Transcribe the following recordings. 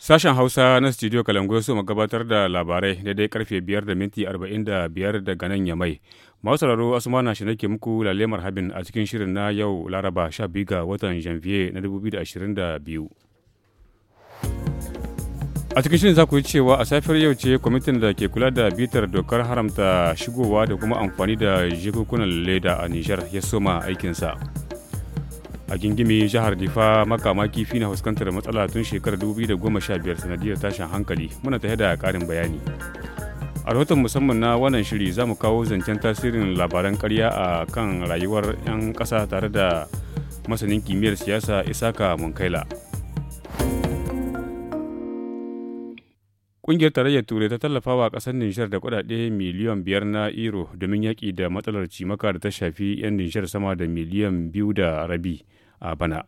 Sashen Hausa na Studio kalangu su gabatar da labarai daidai karfe 5 da minti 45 daga nan ya mai. Masu sauraro Asmana shi nake muku lalemar habin a cikin shirin na yau Laraba 12 ga watan Janvier na 2022. a cikin shirin za ku yi cewa a safiyar yau ce kwamitin da ke kula da bitar dokar haramta shigowa da kuma amfani da jikukunan leda a nijar ya soma aikinsa a gingimi jihar difa makama kifi na fuskantar matsala tun shekarar 2015 sanadiyar tashin hankali muna tafiya da karin bayani a rahoton musamman na wannan shiri za mu kawo zancen tasirin labaran karya a kan rayuwar 'yan ƙasa tare da masanin kimiyyar siyasa isaka munkaila Ƙungiyar Tarayyar Turai ta tallafa wa ƙasar Nijar da kuɗaɗe miliyan biyar na euro domin yaƙi da matsalar cimaka da ta shafi 'yan Nijar sama da miliyan biyu da rabi a bana.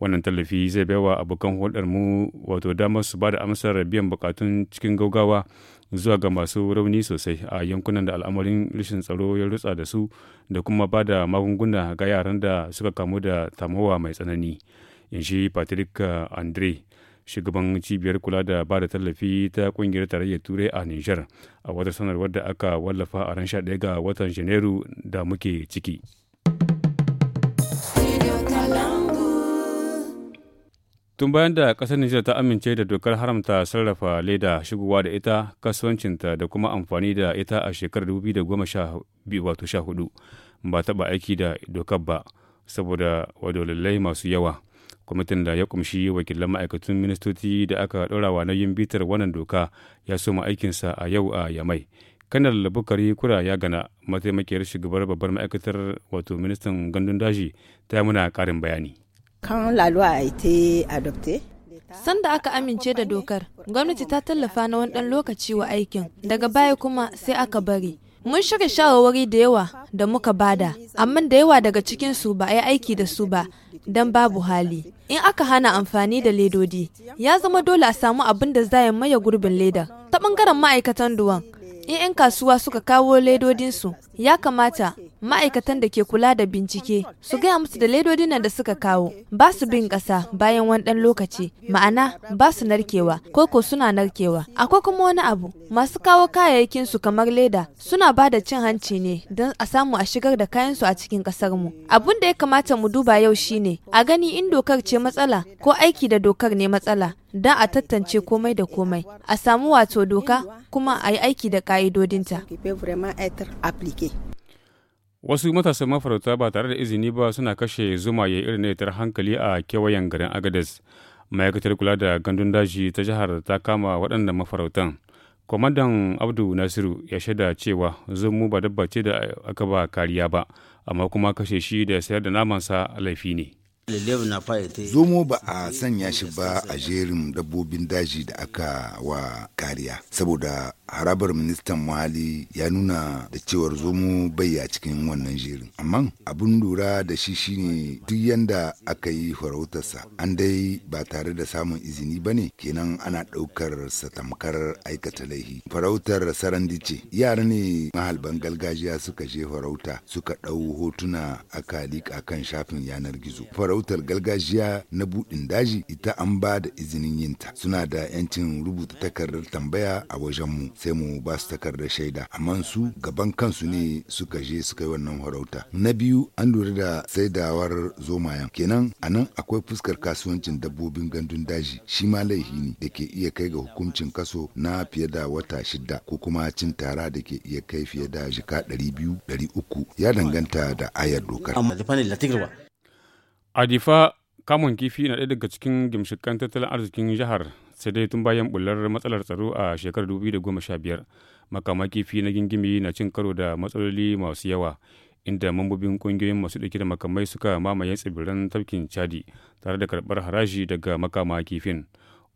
Wannan tallafi zai baiwa abokan hulɗar mu wato damar su ba da amsar biyan bukatun cikin gaugawa zuwa ga masu rauni sosai a yankunan da al'amarin rashin tsaro ya rutsa da su da kuma ba da magunguna ga yaran da suka kamu da tamowa mai tsanani. In shi Patrick Andre. shugaban cibiyar kula da ba da tallafi ta kungiyar tarayyar turai a niger a wata sanarwar da aka wallafa a ran 11 ga watan janairu da muke ciki tun bayan da ƙasar niger ta amince da dokar haramta sarrafa leda shigowa da ita kasuwancinta da kuma amfani da ita a shekarar hudu ba taɓa aiki da dokar ba saboda wadolillai masu yawa kwamitin da ya kumshi wakilan ma'aikatun ministoci da aka ɗorawa nauyin bitar wannan doka ya soma aikinsa a yau a yamai kanar bukari kura ya gana mataimakiyar shugabar babbar ma'aikatar wato ministan gandun daji ta muna karin bayani Sanda aka amince da dokar, gwamnati ta tallafa na wani ɗan lokaci wa aikin, daga baya kuma sai aka bari. Mun shirya shawarwari da yawa da muka bada, amma da yawa daga cikinsu ba a yi aiki da su ba don babu hali. In aka hana amfani da ledodi, ya zama dole a samu abin da za ya maye gurbin leda. Ta ɓangaren ma'aikatan duwan, in 'yan kasuwa suka kawo ledodinsu, ya kamata ma'aikatan da ke kula da bincike su gaya musu da ledodin da suka kawo ba su bin ƙasa bayan wani ɗan lokaci ma'ana ba su narkewa ko ko suna narkewa akwai kuma wani abu masu kawo kayayyakin su kamar leda suna ba da cin hanci ne don a samu a shigar da kayan su a cikin ƙasar mu abun da ya kamata mu duba yau shine a gani in dokar ce matsala ko aiki da dokar ne matsala don a tantance komai da komai a samu wato doka kuma a yi aiki da ƙa'idodinta. wasu matasan mafarauta ba tare da izini ba suna kashe zuma zumaye irin tar hankali a kewayen garin agadas ma'aikatar kula da gandun daji ta jihar ta kama waɗanda mafarautan kwamandan abdu nasiru ya shaida cewa zumu ba dabba ce da aka ba kariya ba amma kuma kashe shi da sayar da namansa laifi ne zomo ba a sanya shi ba a jerin dabbobin daji da aka wa kariya saboda harabar ministan muhalli ya nuna da cewar zomo bai a cikin wannan jerin amma abun lura da shi shine duk yanda aka yi farautarsa an dai ba tare da samun izini ba ne kenan ana ɗaukar sa tamkar aikata laihi farautar sarandi ce yara ne mahalban gargajiya suka je farauta suka ɗau hotuna aka liƙa kan shafin yanar gizo farautar gargajiya na buɗin daji ita an ba da izinin yinta suna da 'yancin rubuta takardar tambaya a wajen mu sai mu ba su takardar shaida amma su gaban kansu ne suka je suka yi wannan farauta na biyu an lura da saidawar zomayan kenan a nan akwai fuskar kasuwancin dabbobin gandun daji shi ma laihi ne da ke iya kai ga hukuncin kaso na fiye da wata shida ko kuma cin tara da ke iya kai fiye da jika ɗari uku ya danganta da ayar dokar. Adifa kamun kifi na ɗaya daga cikin gimshikan tattalin arzikin jihar sai dai tun bayan bullar matsalar tsaro a shekarar 2015 makama kifi na gingimi na cin karo da matsaloli masu yawa inda mambobin kungiyoyin masu ɗauki da makamai suka mamaye tsibiran tafkin chadi tare da karɓar haraji daga makama kifin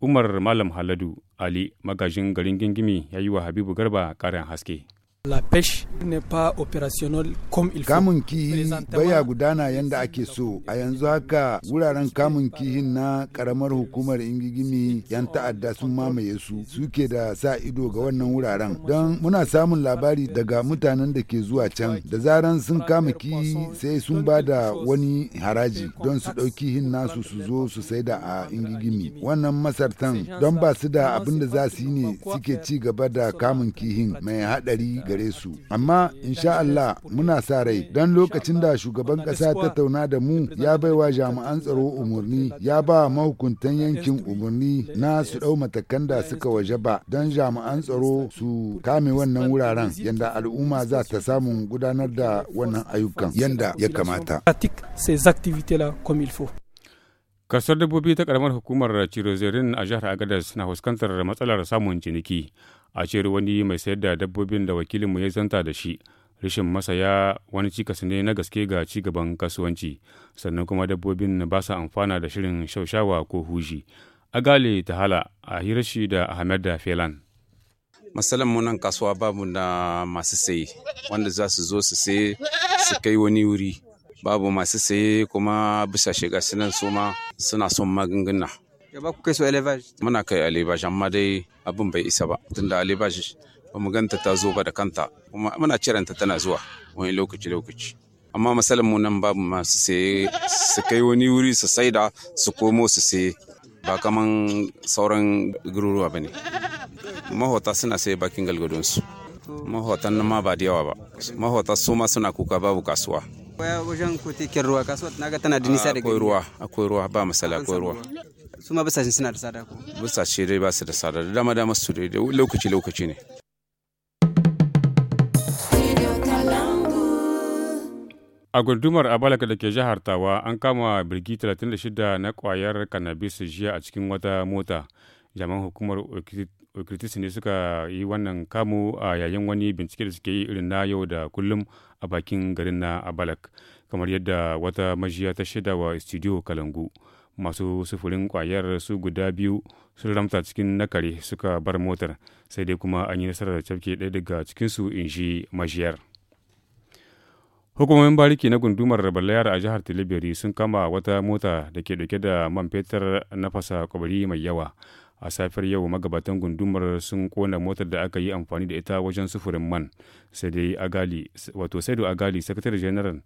umar malam haladu ali magajin garin gingimi ya yi wa habibu garba ƙarin haske La pêche n'est pas opérationnelle comme il Kamun kihi baya gudana yanda ake so. A yanzu haka wuraren kamun kihin na karamar hukumar Ingigimi yan ta'adda sun mamaye su suke da sa ido ga wannan wuraren. Don muna samun labari daga mutanen da ke zuwa can da zaran sun kama kihi sai sun ba da wani haraji don su ɗauki hin nasu su zo su saida a Ingigimi. Wannan masartan don ba su da abin da za su yi ne suke ci gaba da kamun kihin mai haɗari gari gare su amma insha Allah muna sa rai dan lokacin da shugaban kasa tattauna da mu ya baiwa jami'an tsaro umarni ya ba mahukuntan yankin umarni na su dau matakan da suka waje ba dan jami'an tsaro su kame wannan wuraren yanda al'umma za ta samu gudanar da wannan ayyukan yanda ya kamata. Kasar dabbobi ta karamar hukumar Cirozerin a jihar Agadez na fuskantar matsalar samun ciniki. A cewar wani mai sayar da dabbobin da wakilin mu ya zanta da shi, rashin masaya wani cikas ne na gaske ga ci gaban kasuwanci, sannan kuma dabbobin ba sa amfana da shirin shaushawa ko huji. Agale Tahala a hirashi da Ahmed da Felan. matsalar mu nan kasuwa babu na masu sayi wanda za su zo su sai su kai wani wuri babu masu saye kuma bisa shiga sinan su ma suna son magunguna ya ba ku kai su elevage muna kai elevage amma dai abin bai isa ba tunda elevage ba mu ganta ta zo ba da kanta kuma muna ciranta tana zuwa wani lokaci lokaci amma masalan mu nan babu masu saye su kai wani wuri su saida su komo su saye ba kaman sauran garuruwa ba ne mahota suna sai bakin galgadonsu mahotan ma ba da yawa ba mahota su ma suna kuka babu kasuwa wajen kotikin ruwa kasuwar na ga tana da nisa da akwai ruwa akwai ruwa ba masala akwai ruwa su ma bisashen suna da tsada ko bisashe dai ba su da sada da dama dama su dai lokaci lokaci ne a gundumar abalaka da ke jihar tawa an kama birgi 36 na kwayar cannabis jiya a cikin wata mota jaman hukumar kirtisi ne suka yi wannan kamu a yayin wani bincike da suke yi irin na yau da kullum a bakin garin na abalak kamar yadda wata majiya ta shaida wa studio kalangu masu sufurin kwayar su guda biyu sun ramta cikin nakare suka bar motar sai dai kuma an yi nasarar da cafke ɗaya daga cikinsu in shi majiyar hukumomin bariki na gundumar balayar a jihar tilibiri sun kama wata mota da ke dauke da man fetur na fasa kwabari mai yawa a safiyar yau magabatan gundumar sun kona motar da aka yi amfani da ita wajen sufurin man sai dai agali wato saido agali sakatare general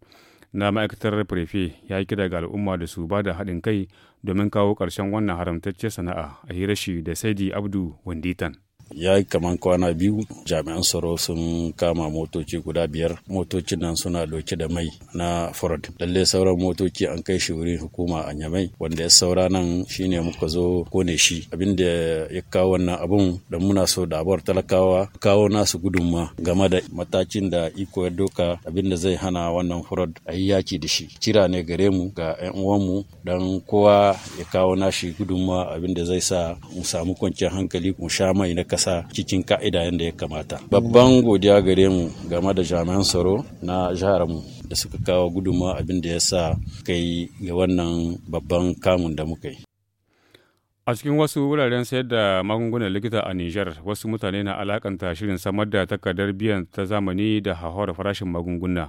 na ma'aikatar prefe ya yi kira ga al'umma da su ba da haɗin kai domin kawo ƙarshen wannan haramtacce sana'a a hirashi da saidi abdu wanditan ya yi kaman kwana biyu jami'an tsaro sun kama motoci guda biyar motocin nan suna doki da mai na ford lalle sauran motoci an kai shi wurin hukuma a nyamai wanda ya saura nan shine muka zo kone shi abinda ya kawo wannan abun da muna so da abar talakawa kawo nasu gudunma game da matakin da iko ya doka abinda zai hana wannan ford a yi yaki da shi kira ne gare mu ga 'yan uwanmu dan kowa ya kawo nashi gudunma abinda zai sa mu samu kwanciyar hankali mu sha mai na ƙasa cikin ka'ida yadda ya kamata babban godiya gare mu game da jami'an tsaro na jihar da suka kawo guduma abin da ya sa kai ga wannan babban kamun da muka yi a cikin wasu wuraren sayar da magungunan likita a nijar wasu mutane na alakanta shirin samar da takardar biyan ta zamani da hauhawar farashin magunguna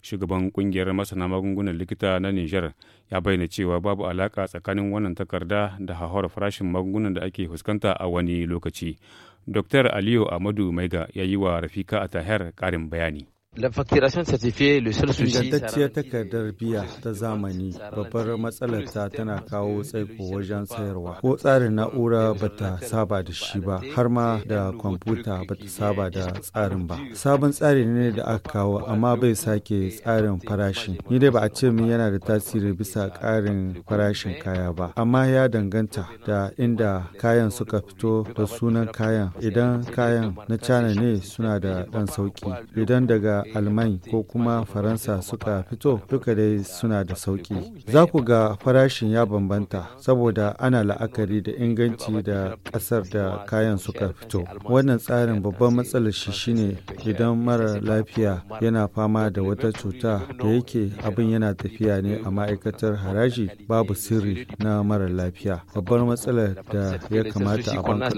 shugaban kungiyar masana magungunan likita na Nijar ya bayyana cewa babu alaka tsakanin wannan takarda da hauhawar farashin magungunan da ake fuskanta a wani lokaci. Dr. Aliyu Ahmadu Maiga ya yi wa Rafika Ataher ƙarin bayani. Ingantacciyar takardar biya ta zamani babbar matsalar ta tana kawo tsaiko wajen sayarwa. Ko tsarin na'ura ba ta saba da shi ba, har ma da kwamfuta ba ta saba da tsarin ba. Sabon tsari ne da aka kawo amma bai sake tsarin farashi. Ni dai ba a ce min yana da tasiri bisa ƙarin farashin kaya ba, amma ya danganta da inda kayan suka fito da sunan kayan. Idan kayan na China ne suna da ɗan sauki, idan daga alman ko kuma faransa suka fito duka dai suna da sauƙi za ku ga farashin ya bambanta saboda ana la'akari da inganci da ƙasar da kayan suka fito wannan tsarin babban matsalar shi shine idan mara lafiya yana fama da wata cuta da yake abin yana tafiya ne a ma'aikatar haraji babu sirri na mara lafiya babbar matsalar da ya kamata a banka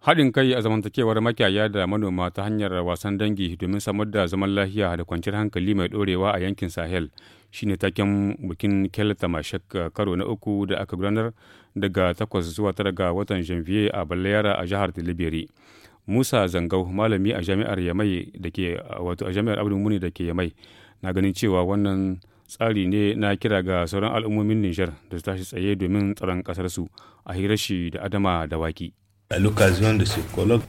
haɗin kai a zamantakewar makiyaya da manoma ta hanyar wasan dangi domin samar da zaman lafiya da kwanciyar hankali mai ɗorewa a yankin sahel shine taken bikin kel tamashek eh, karo na uku da aka gudanar daga takwas zuwa tara ga watan janvier a balayara a jihar tilibiri musa zangau malami a jami'ar yamai da ke wato a jami'ar abu muni da ke yamai na ganin cewa wannan tsari ne na kira ga sauran al'ummomin nijar da su tashi tsaye domin tsaron ƙasarsu a hirashi da adama da waki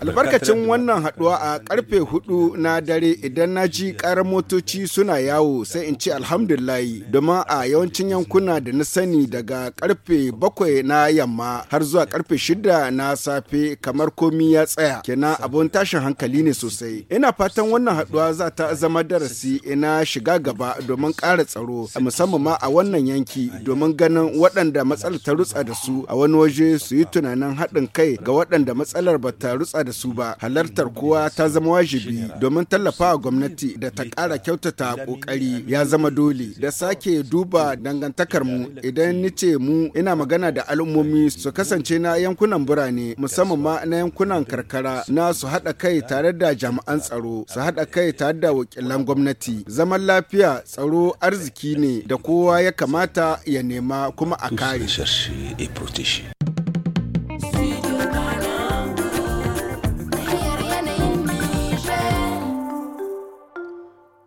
albarkacin wannan haduwa a karfe hudu na dare idan na ji karar motoci suna yawo sai in ce alhamdulahi domin a yawancin yankuna da na sani daga karfe bakwai na yamma har zuwa karfe shida na safe kamar komi ya tsaya kenan abun tashin hankali ne sosai ina fatan wannan haduwa za ta zama darasi ina shiga gaba domin kara tsaro musamman ma a wannan yanki domin ganin waɗanda matsalar ta rutsa da su a wani waje su yi tunanin haɗin kai ga waɗanda matsalar ba ta rutsa da su ba halartar kowa ta zama wajibi domin tallafawa gwamnati da ta ƙara kyautata ƙoƙari ya zama dole da sake duba dangantakar mu idan ni ce mu ina magana da al'ummomi su kasance na yankunan birane musamman ma na yankunan karkara na su haɗa kai tare da jami'an tsaro su haɗa kai tare da wakilan gwamnati zaman lafiya tsaro arziki ne da kowa ya kamata ya nema kuma a kare.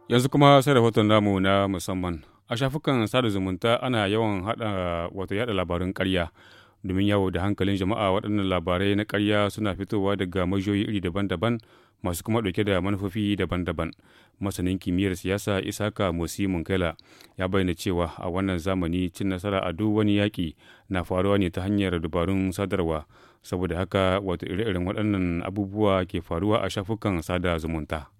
Yanzu kuma sai rahoton namu na musamman. A shafukan sada zumunta ana yawan hada wato yada labarun karya domin yawo da hankalin jama'a waɗannan labarai na karya suna fitowa daga majiyoyi iri daban-daban masu kuma ɗauke da manufofi daban-daban masanin kimiyyar siyasa isaka musi munkela ya bayyana cewa a wannan zamani cin nasara a duk wani yaƙi na faruwa ne ta hanyar dabarun sadarwa saboda haka wato ire-iren waɗannan abubuwa ke faruwa a shafukan sada zumunta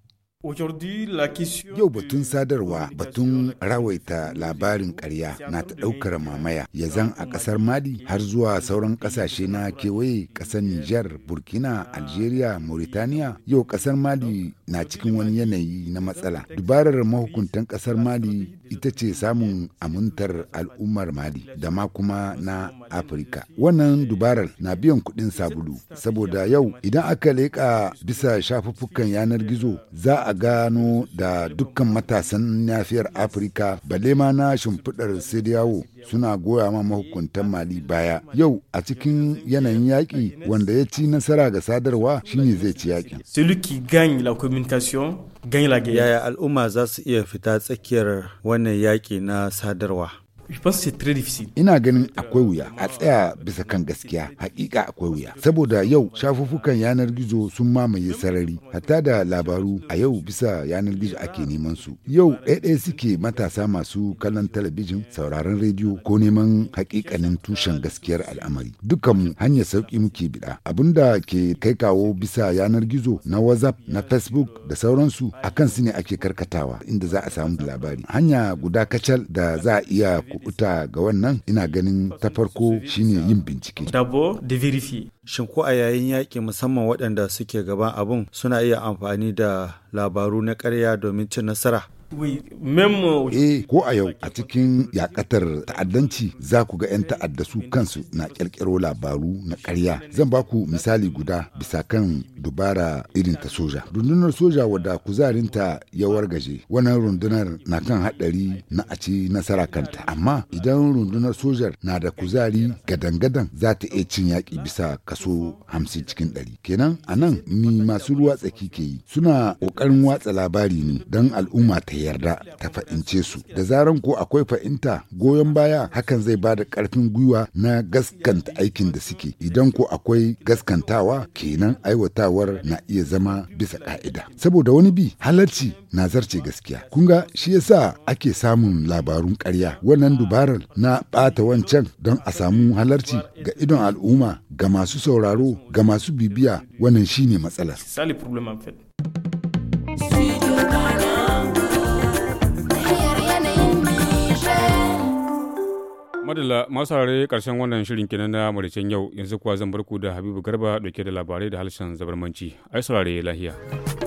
Yau batun sadarwa batun rawaita labarin karya na ta ɗaukar mamaya ya zan a ƙasar Mali har zuwa sauran ƙasashe na kewaye ƙasar Nijar, Burkina, Algeria, Mauritania. Yau ƙasar Mali na cikin wani yanayi na matsala. Dubarar mahukuntan ƙasar Mali ita ce samun amintar al'ummar Mali da ma kuma na Afirka. Wannan dubarar na biyan kuɗin sabulu saboda yau idan aka leƙa bisa shafuffukan yanar gizo za a gano da dukkan matasan nafiyar afirka balle ma na shimfiɗar sidiyawo suna goya ma mahukuntan mali baya yau a cikin yanayin yaƙi wanda ya ci nasara ga sadarwa shine zai ci yaƙin yaya al'umma za su iya fita tsakiyar wannan yaƙi na sadarwa Ina ganin akwai wuya a tsaya bisa kan gaskiya hakika akwai wuya saboda yau shafuffukan yanar gizo sun mamaye sarari hatta da labaru a yau bisa yanar gizo ake neman su yau ɗaya suke matasa masu kallon talabijin sauraron rediyo ko neman hakikanin tushen gaskiyar al'amari dukan hanyar sauki muke biɗa da ke kai kawo bisa yanar gizo na whatsapp na facebook da sauransu akan su ne ake karkatawa inda za a samu labari hanya guda kacal da za a iya kuɓuta ga wannan ina ganin ta farko shine yin bincike. dabo Shin ko a yayin yaƙi musamman waɗanda suke gaban abun suna iya amfani da labaru na ƙarya domin cin nasara? Euh, eh ko a yau a cikin yakatar ta'addanci za ku ga 'yan ta'adda su kansu na ƙirƙiro labaru na karya Zan ba ku misali guda bisa kan dubara irin ta soja. Rundunar soja wadda kuzarinta yawar wargaje wannan rundunar na kan haɗari na a ci nasara kanta. Amma idan rundunar sojar na da kuzari gadan-gadan za ta iya cin yaƙi bisa kaso hamsin cikin ɗari. Kenan a nan ni masu ruwa tsaki ke yi suna ƙoƙarin watsa labari ne don al'umma ta yarda ta fa'ince su da zaran ko akwai fa'inta goyon baya hakan zai ba da ƙarfin gwiwa na gaskanta aikin da suke idan ko akwai gaskantawa kenan aiwatawar na iya zama bisa ka'ida saboda wani bi halarci na zarce gaskiya kun ga shi yasa ake samun labarun ƙarya wannan dubarar na ɓata wancan don a samu halarci ga idon al'umma ga masu sauraro ga masu bibiya wannan shine matsalar Madalla masu harare karshen wannan shirin kenan na maricen yau yanzu kuwa zan barku da Habibu Garba dauke da labarai da harshen zabarmanci. Ai saurare lahiya.